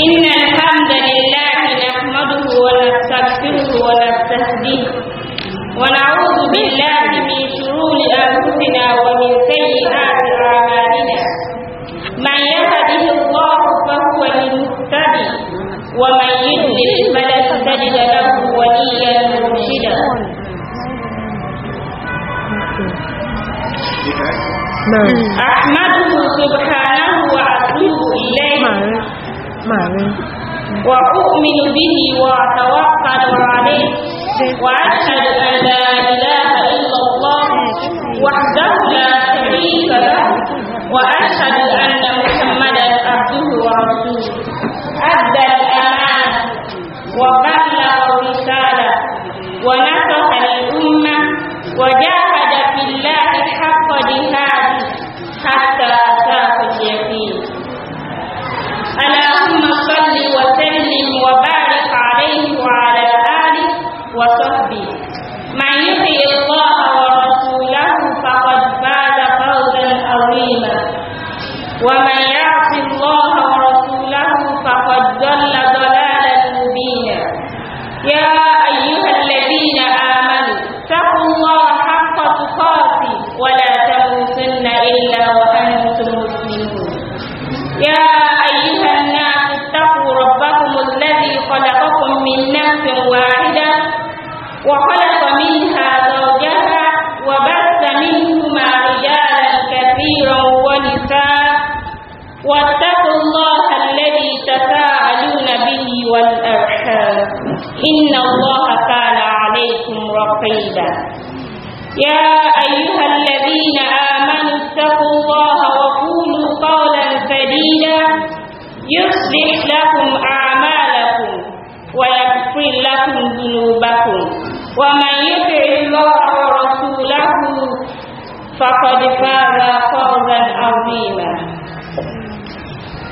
إن الحمد لله نحمده ونستغفره ونستهديه ونعوذ بالله من شرور أنفسنا ومن سيئات أعمالنا من يهده الله فهو المهتدي ومن يضلل فلن تجد له وليا مرشدا نعم. أحمده سبحانه وأتوب إليه وأؤمن به وأتوكل عليه وأشهد أن لا إله إلا الله وحده لا شريك له وأشهد أن محمدا عبده ورسوله أدى الأمانة وبلغ الرسالة ونصح الأمة وجاء يا أيها الذين آمنوا اتقوا الله وقولوا قولا سديدا يصلح لكم أعمالكم ويغفر لكم ذنوبكم ومن يطع الله ورسوله فقد فاز فوزا عظيما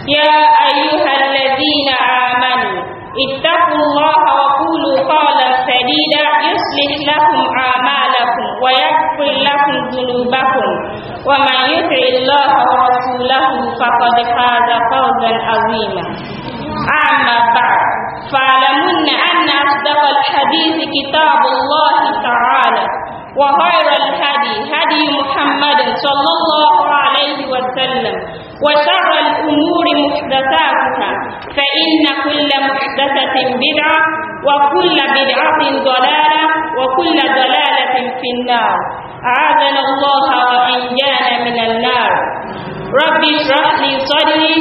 يا أيها الذين آمنوا اتقوا الله وقولوا قولا سديدا يصلح لكم أعمالكم ويغفر لكم ذنوبكم ومن يطع الله ورسوله فقد فاز فوزا عظيما أما بعد فاعلمن أن أصدق الحديث كتاب الله تعالى وخير الهدي هدي محمد صلى الله عليه وسلم وشر الأمور محدثاتها فإن كل محدثة بدعة وكل بدعة ضلالة وكل ضلالة في النار أعاذنا الله وإيانا من النار رب اشرح لي صدري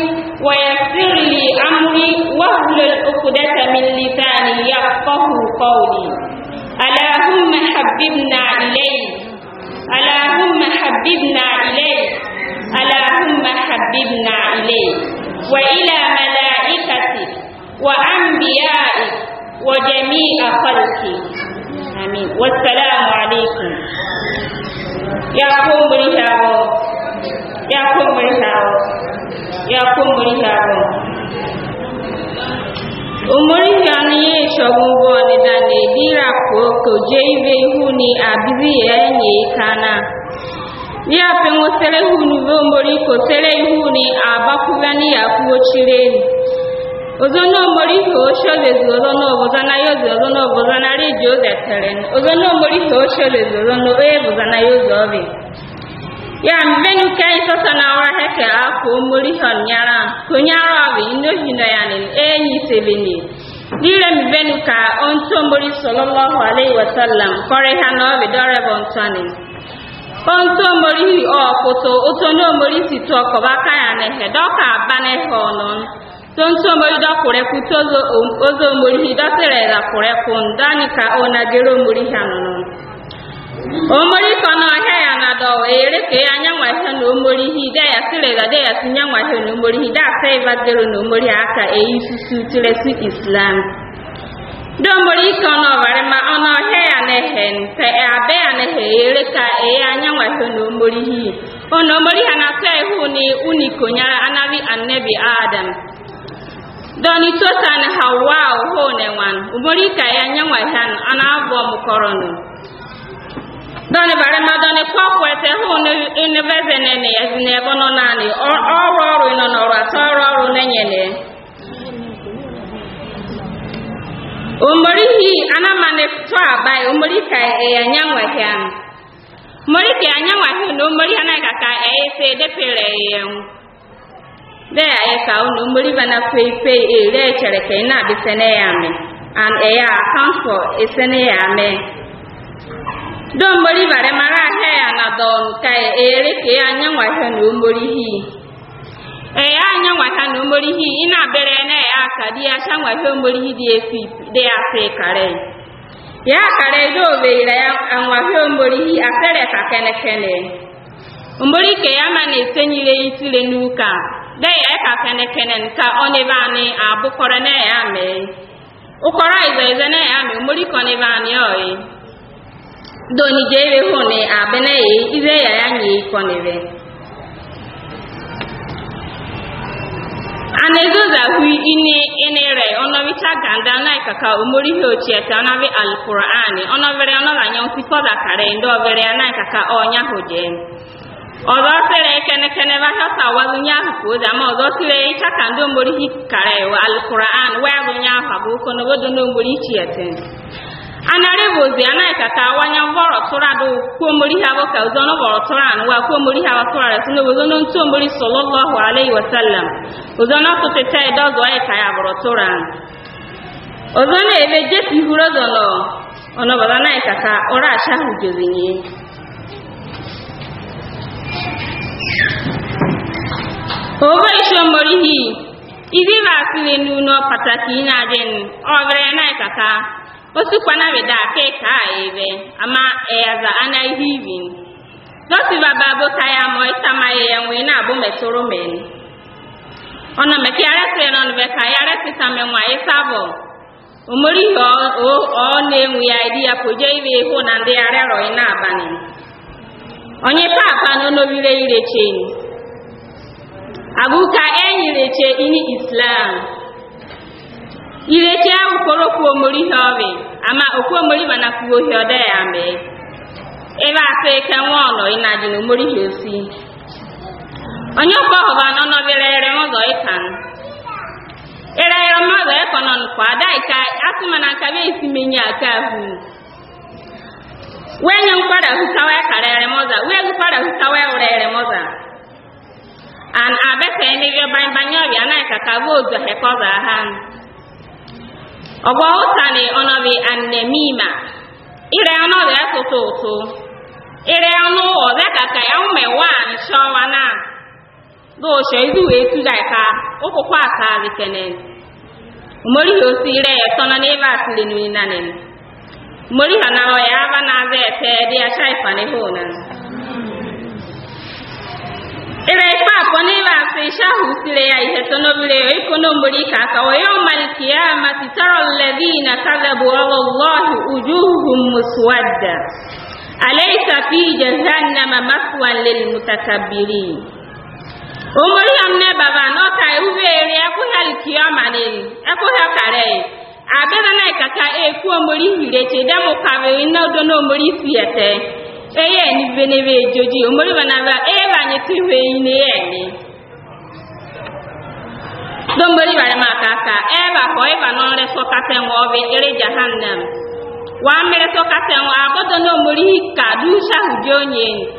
ويسر لي أمري واحلل عقدة من لساني يفقه قولي اللهم حببنا إليك اللهم حببنا إليك Allahumma habibna ilayk wa ila malaikatik wa anbiya'ik wa jami'a khalqik amin wassalamu alaikum ya kumburi shawo ya kumburi shawo ya kumburi shawo umuri yani ye shogun bo ni dane dira ko ko jeive huni abibi enye kana liape ng'osele hunu vombo likosele ihuni abakuvani yakuwochileni ozono omoliho osholezi ozono obozana yozi na obozana liji ozetheleni ozono omoliho osholezi ozono oyebozana yozi ovi yambeni kei sosona oraheke aku nyara e ka ontomoli sallallahu alaihi wasallam kore ha na ovi dorebo ntanin onto omori ọkụtụ ụtọnụ omori si tụọ kọba aka ya n'ehe dọka abanehe ọnụ tonto omori dọkụrekwu tozo ozo omori dọtere ekwu ndani ka ọ nagere omori ha nụnụ omori kọ na ọhịa ya na dọ ere ka ya anya na omori hi de ya da de ya si na omori hi de asa ịva na omori aka eyi susu tiresi islam dombori ike ọ nọwarị ma ọ nọhịa ya nehe mpe abe ya nehe ere ka ee anya nwahe na omori hi ono omori ha na ta ihu ni uniko nyara anabi annabi adam doni tota na hawa ụhụ na wan omori ka ya anya nwahe ana abọ mkọrọ nụ doni bare ma doni kwa kwete hu ni inebeze ne ne ya ne bono nani ọrụ ọrụ ino n'ọrụ atọ ọrụ ọrụ nenye ne, ne, ne, omori hi anamane tɔ aba yi omori ka ɛyɛ e nyangwa hia no omori ka nyangwa hia no omori ana kaka ɛyɛ sɛ ɛdɛ pɛlɛ ɛyɛ ŋu dɛ ayɛ ka o no bana pei pei e na bi e account for bare mara ya na no hi. ee anya nwata na omorihi ina bere na ya aka di ya sha nwata omorihi di esi dị ya se kare ya kare do veira ya anwafe omorihi afere ka kene kene omori ke ya ma na esenyire itire n'uka de ya ka kene kene nka oneva ani abukore na eya mee. ukora izo izo na ya me omori ko neva ani oyi doni jewe na abene ize ya ya nyi na ebe. ana hui ini inere ono re ganda na ikaka umuri hi ochieta ono vi alqur'ani ono vere ono la nyon si foda kare ndo vere na ikaka onya hoje ọzọ sere kenekene ba ha sa wa ọzọ sere icha ka ndo umuri hi kare wa alqur'an wa dunya ha bu ko no bodo no umuri chiete anare wozi ana ikaka wanya voro tura do ko ka ozona tụtụta edogo ya ka ya bụrụ tụra ozona ebe jesu ihuru ozolo ọnọbọla na ikaka ụra acha hujozinye ova ishomorihi izi ba asịrị n'ụlọ pataki ị na-adịn ọbịrị na ikaka osikwana beda ka ka ebe ama eyaza ana ihe ibin nọsiba babu ka ya mọ ịtamaghị ya nwee na-abụ metụrụ men ona me ki ara se non be ka ara se sa me nwa isabo e umuri yo o o ne nwu ya idi e ya koje ibe hu na ndi ara ro ina e abani onye papa no no bire ire chein aguka enyire che ini islam ireche ahụ kpọrọ okwu omori ha ọrị ama okwu omori mana kwuo ohi ọdọ ya mee ebe atọ eke nwa ọnọ ịnaji na omori ha osi onye ọkọ ọhụrụ anọ nọbịara ere ụzọ ịka ere ere mmadụ nkwa asụma na nkabe isi menye aka ahụ wee nye nkwada hụkawa kara ere wee gụkwada hụkawa an abeka ọbịa ka hekọza ha ọgbọ na ọnọbi anemima ire ọnọbi ụtụ ire ọnụ ọzọ ka na dosho izuwe etulaika ukukwatalikenen umurihi osiileyo tono nivatilinininanen na nawo yava nazete diyachaifanihunan ila na nivasiishahusile ya ihe tonovileyo ikonomulika kawo yauma alkiyamati tara alladhina kadhabu ala llahi ujuhuhum muswadda alaysa fi jahannama maswan lilmutakabbirin umuriyan ne baba no ka uveeri ɛku hɛl kiɔmanin ɛku hɛ karɛi abɛrɛ na kaka eku omori hiretsi dɛmu kavi na do na omori fiɛtɛ eye ni benebe dzoji omori bana ba eye ba nye ti hwɛ yi ne yɛ ni dombori bari ma kaka ɛba e kɔ eba nɔ rɛ sɔ kasɛ ŋɔ ɔbi ere jahannam wa mɛrɛ sɔ kasɛ ŋɔ agbɔdɔ na omori ka du sahu dzo nyen.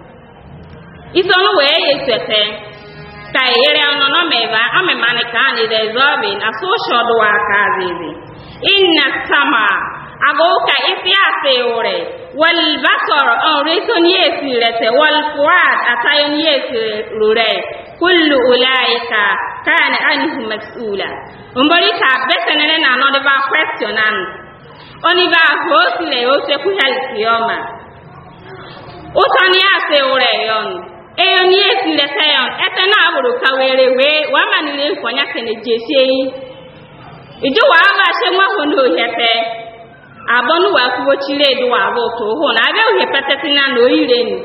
isɔn wɛɛ yɛ sɛtɛ ta yɛrɛ nɔnɔ mɛba ame mane kaa ne dɛ zɔbi a so sɔdo wa kaa zezi ina sama ago ka isi a se wore wal basor on e reso ni esi rete wal fuad atayo ni esi rure kullu ulaika kana anhu mas'ula umbori ka besenere na no de ba question an oni ba hosi le o se ku hal kiyoma utani a se wore eyo ni esi le sayon ete na awuro kawere we wa manile nkonya kene jesie yi ijo wa awa se nwa ho no hepe abonu wa kuwo chire edu wa bo to ho na abe uhe petete na no ire ni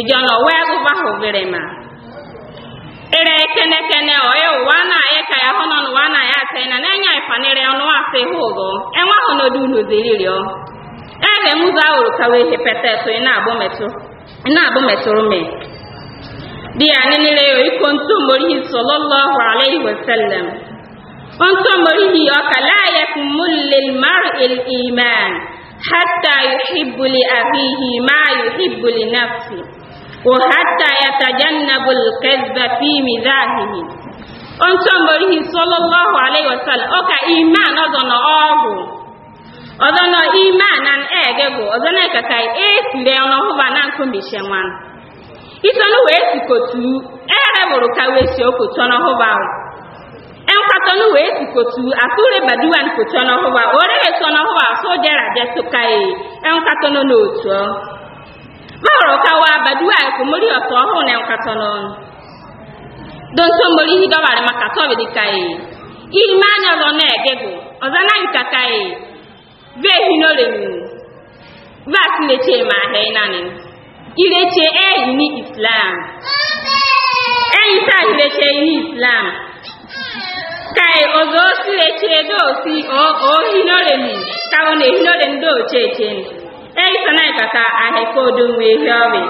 ijo no we go ba ho vere ma ere kene kene o ye wa na ye ka ya ho no wa na ya te na na nya ifanire ono ase ho go enwa ho no du no ziriri o ebe mu za awuro kawe hepete to ina abo metu ina abo meturu me di anini le o iko nto morihi sallallahu alaihi wasallam onto morihi ọka laaya kumulli mar'il iman hatta yuhibbu li abihi ma yuhibbu li nafsi wa hatta yatajannabu al-kadhba fi mizahihi onto morihi sallallahu alaihi wasallam ọka iman ọzọ e, na ọgwụ ọzọ na iman na egegụ ọzọ na kakai e sire ọnụ hụba na nkumishe nwanụ isonu wee sikotu ehebụrụ ka wee si okochọnọ hụbanwụ enkwatonu wee sikotu asure baduwan kochọnọ hụba orere sonọ hụba sojera jesukae enkwatonu n'otu ọ mahụrụ kawa baduwan komori ọtọ ọhụụ na enkwatonu ihe hidọbara maka tọbidikae irime anya ọzọ na-egegụ ọzọ na nkakae vehinorenyu vas na-eche ma ahịa ịnanị ireche eyini islam eyi taa ireche eyini islam ka ozo osi reche osi o mi kawo na ehinore ndị ocheche eyi sana ikaka aheko odo nwe ehi ọrị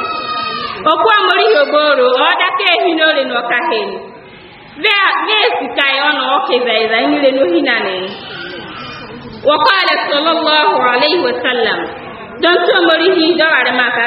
okwu amori hoboro ọ daka ehinore na ọkahe vesi kai ọ na ọkeza ịza nyere n'ohinane hi dọwarị maka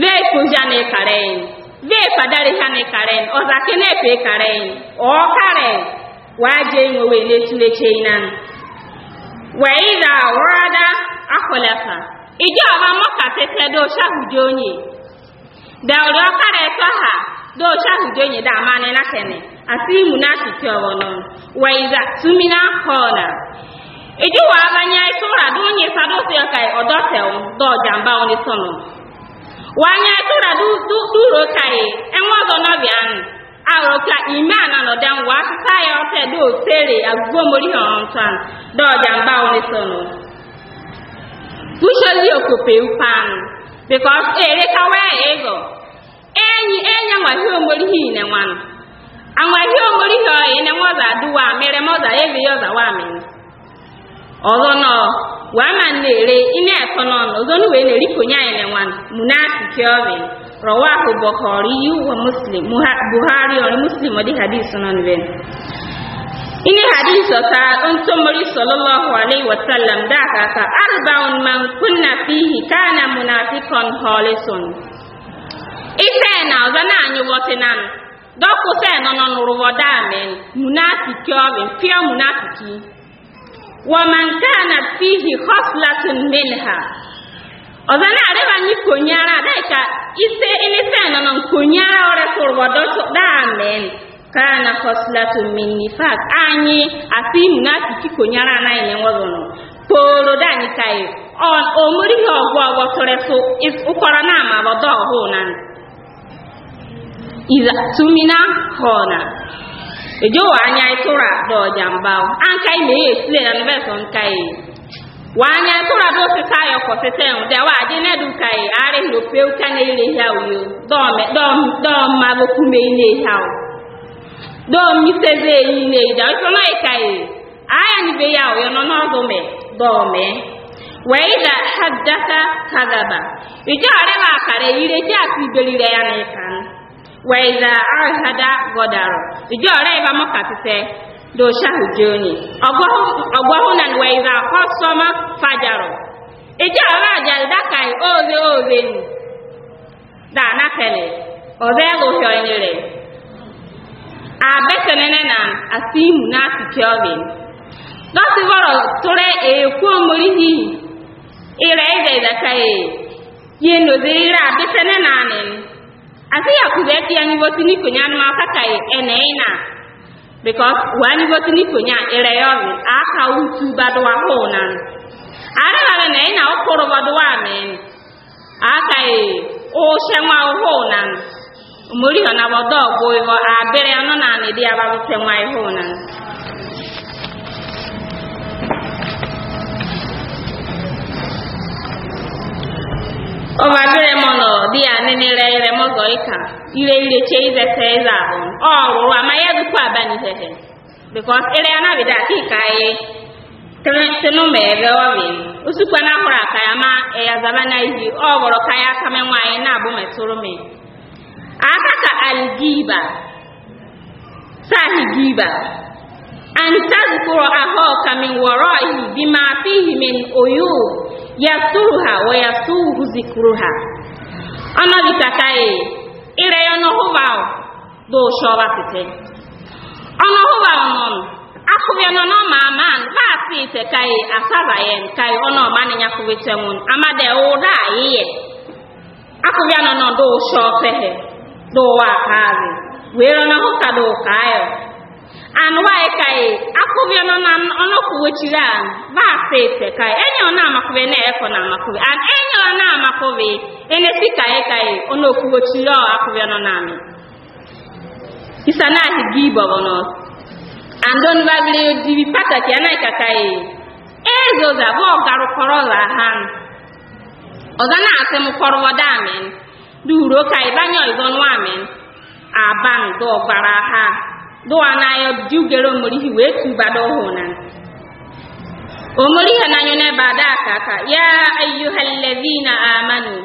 vei kunjane karen vei padare hane karen ozakene pe karen o karen na nwe ne tuleche inan wa idha warada akhlaqa ijo aba moka tete do shahujo onye da ori okara eto ha do shahujo onye da amane na kene asi munafiki owono wa tumina ijo wa isura do onye sado se kai do jamba oni wanya tura du du duro kai enwa go no bian aro ka ima na no dan wa sa ya o te do tere agbo mori on san do jamba o ni so no usually okupe upan because ere ka we ego enyi enya wa hi o mori hi ne wan hi o mori ne ọzọ nọ wàá ma na-ere ina ẹkọ nọ ọzọ nù wee na-eri konya ya nwa munafiki ọbị rọwa ahụ bọkọrọ iyi uwe muslim buhari ọrị muslim ọdị hadis nọ nbe ini hadis ọta ntomori sallallahu alaihi wasallam da aka aka arbaun man kunna fihi kana munafikon holison ife na ọzọ na-anyụ wọtinan dọkụta nọ nọ n'ụrụwọ damen munafiki ọbị mpịọ munafiki ومن كان فيه خصلة منها ozana areba nyi konyara daika ise ini sena non konyara ore kurwa docho da amen kana khoslatu min nifaq anyi asi munafiki konyara na ine ngozono polo dani kai on omuri ho gwa gwa tore so is ukora na ma bodo ho nan iza tumina hona ejo anya itura do jambao ankai me explain an verse on kai wanya itura do se sayo ko se ten de wa je ne du kai are no peu kan ile ya uyo do me do do ma bo ile ya o do mi se ze ile da ya no no do me do me wa ida haddatha kadaba ijo are ba kare ya ne wẹ̀yìnà àrùhádá gọ̀dàrọ̀ ìjọ ọ̀rẹ́ ìbámu kàtìtẹ́ do ṣáà jóni ọgbọ́hún nà wẹ̀yìnà kọ́sọ́mọ́ fàjàrọ̀ ìjọ ọ̀rẹ́ àjàlídá kàì óòzè óòzè nù dáná kẹlẹ̀ ọ̀rẹ́ ẹ̀gọ̀hìọ̀ ẹ̀nìrẹ̀ àbẹ́kẹ̀nẹ́nẹ́ nà àti ìmù náà ti kí ọ̀gbìn lọ́sí bọ̀rọ̀ èèkú omori yìí ìrẹ̀ ìrẹ̀ ìdàkàyè yìí nòzè ìrẹ̀ àbẹ́kẹ̀nẹ́ nà nìyí. asi yakubu ɛti anyigoti ni konya no ma kaka e, e na because wa anyigoti ni konya ɛrɛ e yɔri aka utu ba do na no ara ba bɛ nɛyi na aka yi ɔhyɛ nwa na no omori na abere na ne di aba bɛ na ọba abịrị m nọ di ya nenere ire m ịka ire ire chee izete ịza ahụ ọ rụrụ ama ya dukwu abani hehe bikọs ire ya nabịda aka ịka anyị tinu mebe ọ bụ osukwa na ahụrụ aka ya ma ya zaba na ihi ọ bụrụ ka ya aka menwe anyị na-abụ metụrụ m aka ka algiba sahi giba an tazkuru ahụ ka min wọrọ ihi bima fihi min oyub yasuruha wa yasuruhu zikuruha ana bitaka e ire ono huwa do shoba tete ono huwa ono akubye no no mama ba si te kai asara yen kai ono mani nya kuwete mun amade o da ye akubye no no do shofe he do wa kazi we ono huka do kayo and why kai akụbịa nọ na ọnọkwuwechiri a vaasị ite kai enyo na-amakụbị na efọ na amakụbị and enye ọ na-amakụbị enesi kai kai ọnọkwuwechiri ọ akụbịa nọ na amị isanahi gị bọrọ nọ and don babili dibi pataki anaghị ka kai ezoza bụ ọgarụkọrọ la ha ọza na-asị m kọrọwọda amị duro kai banye ọzọ nwa amị aban dọgbara ha do ana yo diugere omori hi wee tuba do hona omori ha na nyone bada kaka ya ayyuhal ladhina amanu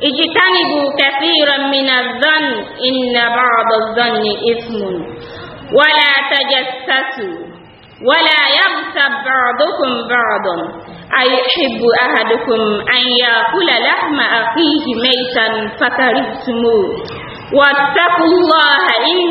ijtanibu kathiran min adh-dhann inna ba'd adh-dhanni ithmun wala tajassasu ولا يغتب بعضكم بعضا أيحب أحدكم أن يأكل لحم أخيه ميتا فكرهتموه واتقوا الله إن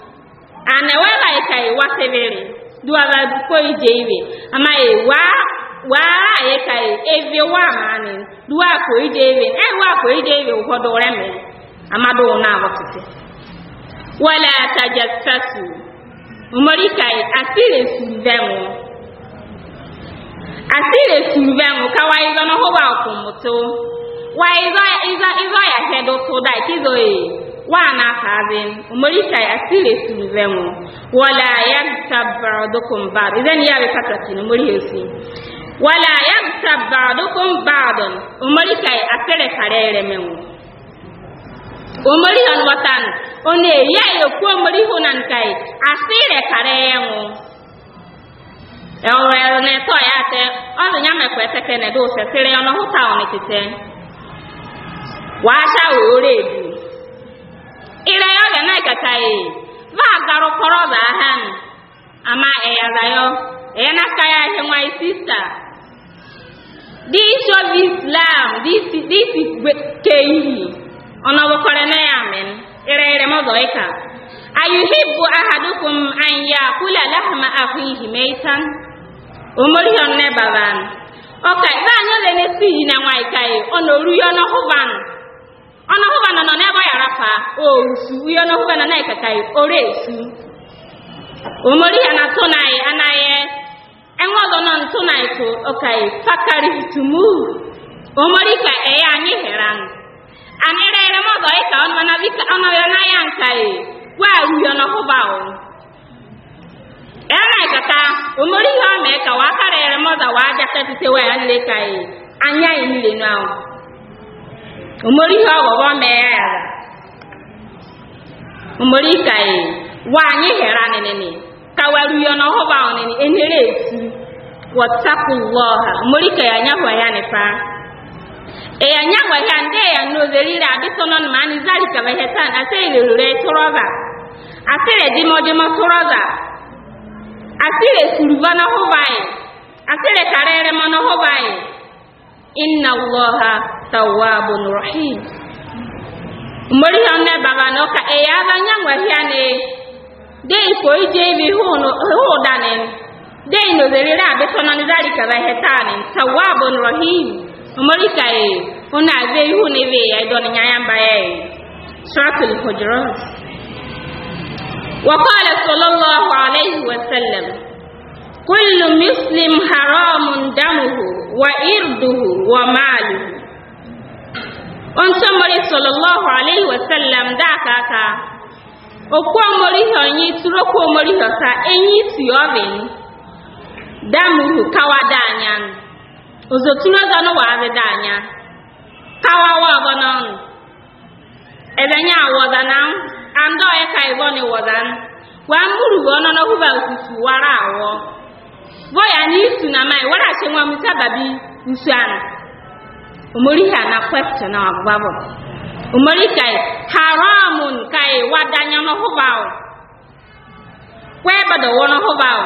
ana wa laika e wa severe du ala ko ije iwe ama e wa wa e kai e vi wa mani du a ko ije iwe e wa ko ije iwe ko do re me ama do na wa tete wala tajassasu umari kai asire suzemu asire suzemu kawai zono ho ba ko mutu wa izo izo izo ya hedo so dai kizo e wana kaazin umari kai asire sulvengo wala yaktab ba'dukum ba'd idan ya be takati umari yesi wala yaktab ba'dukum ba'dan umari kai asire karere mengo umari on watan eh, one ya yo ku umari hunan kai asire karengo ewere ne to ya te ozu nyame kweteke ne do se sire ono huta ono kite wa sha wo redu na-agataghi, a ganakakai vagaro koroza ahan ama eyarayo eyanakayo ahenwai sister this of islam this this is keyi ọnọbọkọrẹnẹ ya mẹn irẹrẹ mọdọ ika ayuhibbu ahadukum an yakula lahma akhihi maitan omori yonne baban okay anyị nyole ne si na nwai kai ono ruyo no hovan ọnụ hụbana nọ n'ebe ọ ya arapa osu ihe ọnụ hụbana na ekekaghị ore esu omori ya na tụnaghị anaghị enwe ọzọ nọ ntụnaghị tụ ọkaghị fakari tumu omori ka eya anyị hịra anyị rere m ọzọ ịka ọnọbịa na ya nkaghị gwa ruhi ọnụ hụba o ya e, na ekata omori ihe ọ mee ka wa karịrị m ọzọ wa aja tetute wee nlekaghị anya anyị nile n'ahụ omori ihe ọghọghọ mee ya ya omori ka e nwaanyị hịara anịnịnị kawaru ya na ọhụba ọnịnị enere etu wọtapụ ụwa ọha omori ka ya nyahụa ya nipa eya nyahụa ya ndị ya n'ozerire adịtọnọ na ma nizari e. ka ma heta na asịrị lere tụrọza asịrị dịmọdịmọ tụrọza asịrị suruba n'ọhụba anyị asịrị karịrị mọ n'ọhụba anyị inna allaha tawwabun rahim mori hanne baba ka e ya ba nya ngwa hia ne de ko ije bi hu no hu dane de no zere ra be sono ni ka ba hetane tawwabun rahim mori ka e ona hu ne ya ya ba ye suratul hujurat وقال صلى الله عليه وسلم kullu muslim haramun damuhu wa irduhu wa maluhu on to mori sallallahu alaihi wa sallam da kaka okwo mori ho yin turo ko mori ho sa enyi ti oven damuhu kawa danya ozo tuno ga no wa be danya kawa m. boya ni na mai wara ce babi usu ana umuri ha na question na ụmụrụ umuri kai haramun kai wadanya no hobao kweba da wono hobao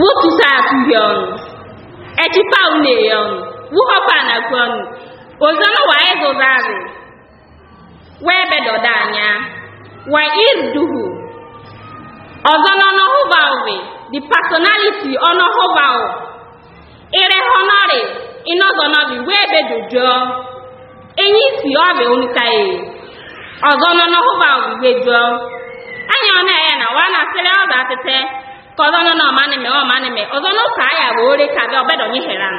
wutu sa tu yon eti pa une yon wu hopa na kwon ozono ọzọ n'ọnọhụbanwe the personality ọnọhụbanwe ịrehọnọrị ịnọzọnọbi wee bedodo enyi si ọbị onitaghị ọzọ n'ọnọhụbanwe wee jụọ anya ọ na-eya na wa na-asịrị ọzọ atịtị ka ọzọ nọ n'ọmanime ọmanime ọzọ n'ụka ya bụ ore ka bịa ọbedonye hera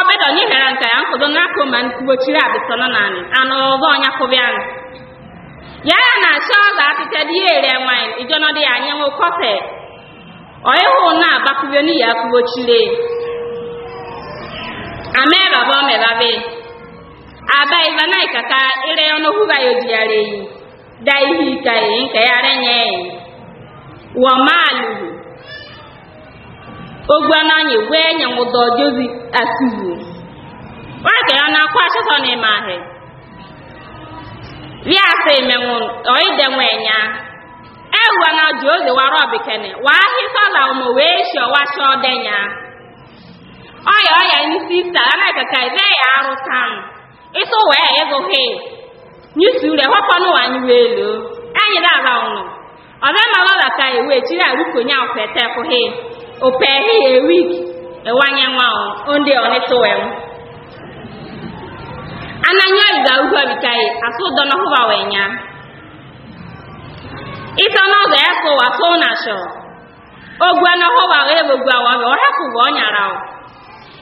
ọbedonye hera nka ya nkwụdo n'aka ma nkwubochiri abịsọ nọ naanị anụ ọzọ ọnya kwụbịa ya na achọ ọga atịcha dị ya ere nwanyị ijọnọ dị ya anyanwụ kọte hụ na abakwuwe n'ihi akwụwo chile amera bụ ọmerabe aba ibana ikaka ire ọnụ hụba ya ojiyara eyi da ihe ike ya nke ya renye eyi wọ maalu anyị wee ya na akwa na ahịa viasa emenwun oide nwenya ewa na jose wara obikene wa ahisala umu wee shiowa shodenya oya oya ni sista anaka ka ize ya arutan iso wee ego he nyusi ure hoponu wanyi welu anyi dara unu ọdẹ ma lọla ka iwe chiri arukonya ofete fuhe ope he ewik ewanye nwa o onde onitowe mu ananyabiga ugwa bikai aso dono huba wenya isono ga yako waso na sho ogwa no we bogwa wa ora ku nyara o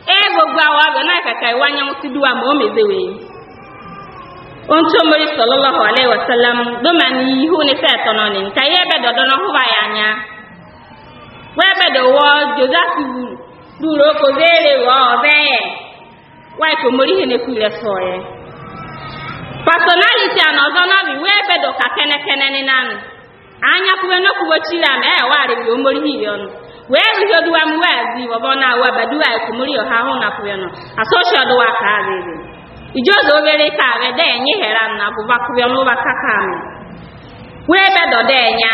e bogwa wa na ka kai wanya ma o mezewe onto mori sallallahu alaihi wasallam do mani hu ni se tono ni ntai anya wife omorihe na-ekwuire sọye pasonaliti a na ọzọ nabi wee bedo ka kenekeneni nanụ anya kwuwe n'okwuwe wee na awa ọha na kwuyenụ asosio duwa ka arịrị ijozo obere ka arede enye hera na wee bedo de nya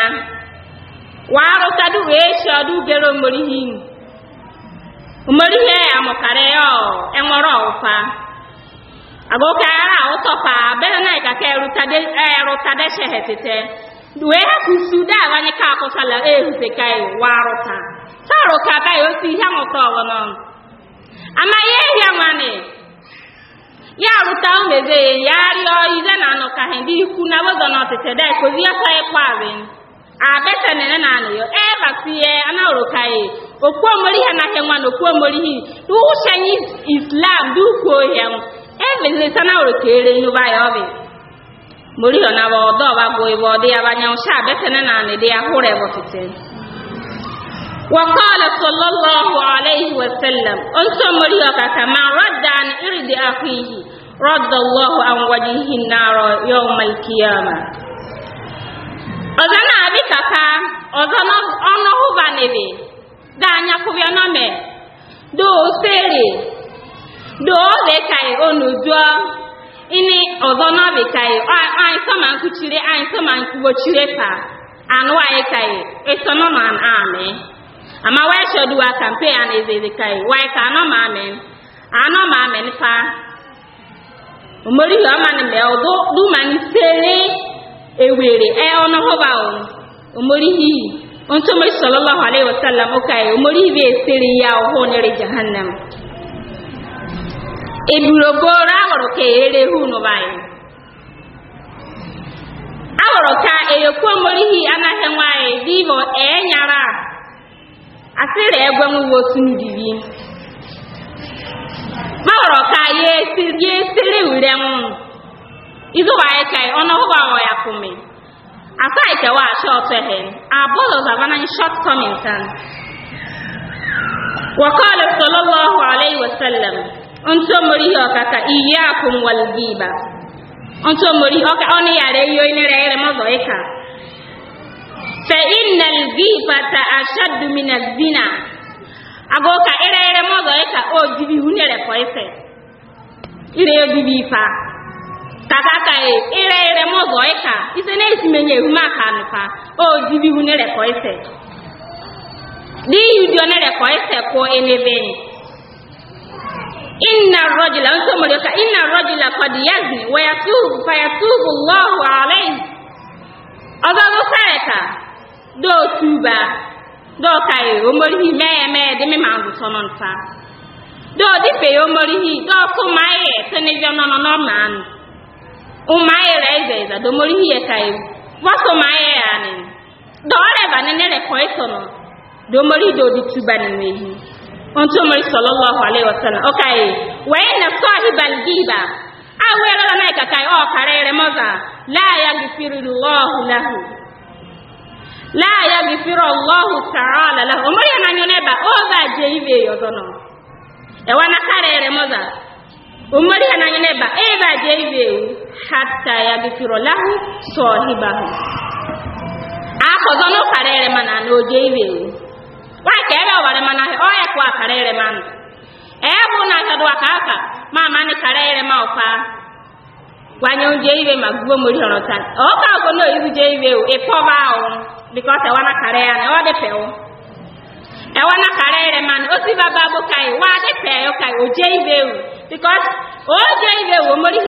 warụtadu wee shi ọdụ gero omorihe umori ihe ya mụtara e ya enwere ọwụfa agoke ara ụtọfa behenai ka ka erutade e, shehetete wee hapụ suda abanye ka akụsala ehute ka warụta saruka ka ya otu ihe mụta ọbụla amaghị ehi nwani ya arụta umeze ya rịọ ize na anụkaghị ndị ikwu na wezọ na ọtịtị dee kozi ya sa ịkpa abin abetanene na anụ e, ya yo ebasiye anaurukaye okuomori ha na henwa na okuomori hi duhu shanyi islam dị ukwu hen evezile sana oro kere nu ba yo mori na ba odo ba e ya banya sha betene na ne de ahure bo tete wa qala sallallahu alaihi wa sallam ma ọzọ danya kubya nome do sere do be kai onuzo ini ozo na be kai ai so man ai pa anu ai kai eso no man ame ama wa shodu wa campaign an ezeze kai wa ka no ano pa omori ha ma me odo du sere ontomoy sallllahu alayhi wa sallam o kaye omori be seri yawo honere jahannama eburo boro aworo ke erere huno baye aworo ka eyokwu omori hi anaghị nwaanyị vivo ee nyara asịrị egwe nwiwe otu ndidi maworo ka ya esiri ure nwụ izuwaye ka ọnụ ọhụrụ ya kụmee aside kewa ashe ọtọghị our borders are running short comings and وقال صلى الله عليه وسلم انتم مريه كاكا اياكم والغيبه انتم مريه كاكا اني ياري يوي نري رمضويكا فان الغيبه اشد من الزنا agoka ere ere mozo eka o bibi hunere ko ese ire bibi fa kaka kakaka ire ire mọzọ ịka ise na-esimenye ehumaka nụpa o dibihu nerekọ ise diyu dio nerekọ ise kwụ enebe inna rojila nso mọrịa ka inna rojila kọdị yazni wayatubu fayatubu lọhụ alai ọzọ zụsara ka dọtuba dọkaị omorihi mee ya mee dị mma ngwụsọ nọ nta dọdịfe ya omorihi dọtụ ma ihe tenezi ọnọ nọ n'ọma umayeleza domorihiye kayo wasomayeyane dooreba nenere koesono domori dodi tubanimehi ontomori sallallahu alaihi wasallam okaye wainna sahibalgiba awelolanaika kaye o karere moza la yagifiru llahu lahu la yagifiru allahu taala lahu oza e moza umari hana nyine ba e ba je ibewu hatta ya lahu na ụkara ere mana na oje ibewu wa ọ ya kwa akara ere mana ebu na ma ma ni ma ere ma ọfa wanye oje ibe ma ta ọ ka na oyibu je ibewu ịpọba ahụ bikọs ewa na kara ya na ọ ewa na kai wa oje because all day they were